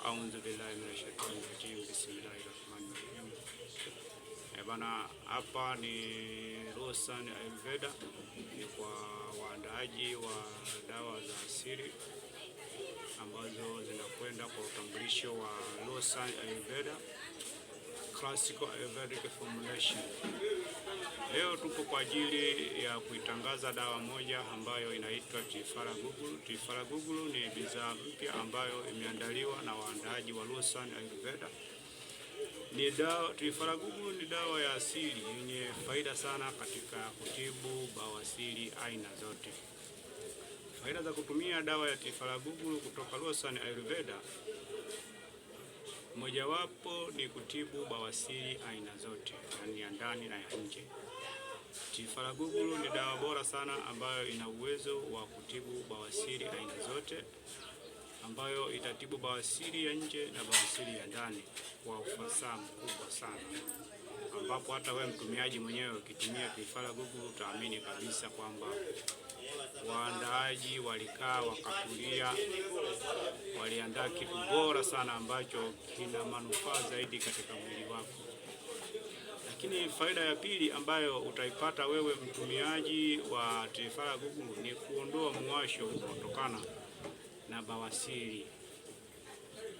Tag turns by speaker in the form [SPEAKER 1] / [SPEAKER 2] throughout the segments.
[SPEAKER 1] Audhu billahi minashaitani rajim, bismillahi rahmani rahim. E eh, bana, hapa ni Rosan Ayurveda, ni kwa waandaaji wa dawa za asili ambazo zinakwenda kwa utambulisho wa Rosan Ayurveda Classical Ayurvedic Formulation. Leo tuko kwa ajili ya kuitangaza dawa moja ambayo inaitwa Tifara Tifaragugulu ni bidhaa mpya ambayo imeandaliwa na waandaaji wa Lusan Ayurveda. Ni dawa Tifaragugulu ni dawa ya asili yenye faida sana katika kutibu bawasiri aina zote. Faida za kutumia dawa ya Tifaragugulu kutoka lusan Ayurveda Mojawapo ni kutibu bawasiri aina zote, yaani ya ndani na ya nje. Tifaragugulu ni dawa bora sana ambayo ina uwezo wa kutibu bawasiri aina zote, ambayo itatibu bawasiri ya nje na bawasiri ya ndani kwa ufasaha mkubwa sana ambapo hata wewe mtumiaji mwenyewe ukitumia kifaa Google utaamini kabisa kwamba waandaaji walikaa wakatulia, waliandaa kitu bora sana ambacho kina manufaa zaidi katika mwili wako. Lakini faida ya pili ambayo utaipata wewe mtumiaji wa tifara Google ni kuondoa mwasho unaotokana na bawasiri,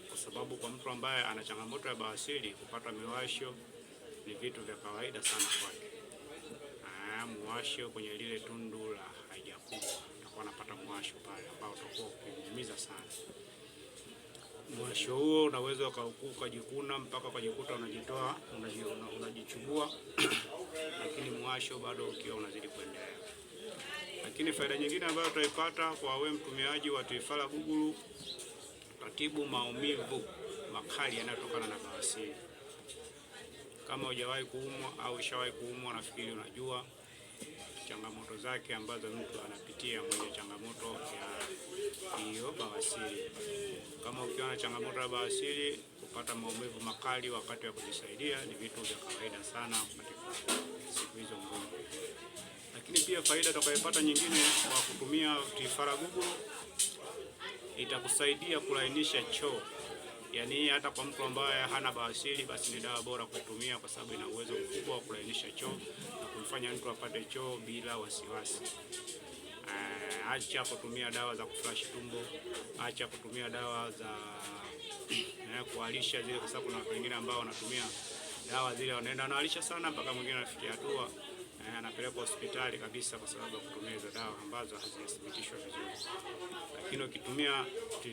[SPEAKER 1] kwa sababu kwa mtu ambaye ana changamoto ya bawasiri kupata miwasho ni vitu vya kawaida sana kwake. Ah, mwasho kwenye lile tundu la haja kubwa utakuwa mwasho pale ambao utakuwa ukiumiza sana. Mwasho huo unaweza ukajikuna mpaka ukajikuta unajitoa unajichubua, lakini mwasho bado ukiwa unazidi kuendelea. Lakini faida nyingine ambayo utaipata kwa wewe mtumiaji wa Tifala Guguru, utatibu maumivu makali yanayotokana na bawasiri. Kama hujawahi kuumwa au ushawahi kuumwa, nafikiri unajua changamoto zake ambazo mtu anapitia mwenye changamoto ya hiyo bawasiri. Kama ukiwa na changamoto ya bawasiri, kupata maumivu makali wakati wa kujisaidia ni vitu vya kawaida sana katika siku hizo ngumu. Lakini pia faida utakayopata nyingine kwa kutumia Tifara Gugu, itakusaidia kulainisha choo Yani hata kwa mtu ambaye hana bawasiri, basi ni dawa bora kutumia, kwa sababu ina uwezo mkubwa wa kulainisha choo na kumfanya mtu apate choo bila wasiwasi. Eh, acha kutumia dawa za kufurashi tumbo, acha kutumia dawa za eh, kualisha zile, kwa sababu kuna watu wengine ambao wanatumia dawa zile, wanaenda wanaalisha sana mpaka mwingine anafikia hatua eh, anapelekwa hospitali kabisa, kwa sababu ya kutumia hizo dawa ambazo hazijathibitishwa vizuri, lakini ukitumia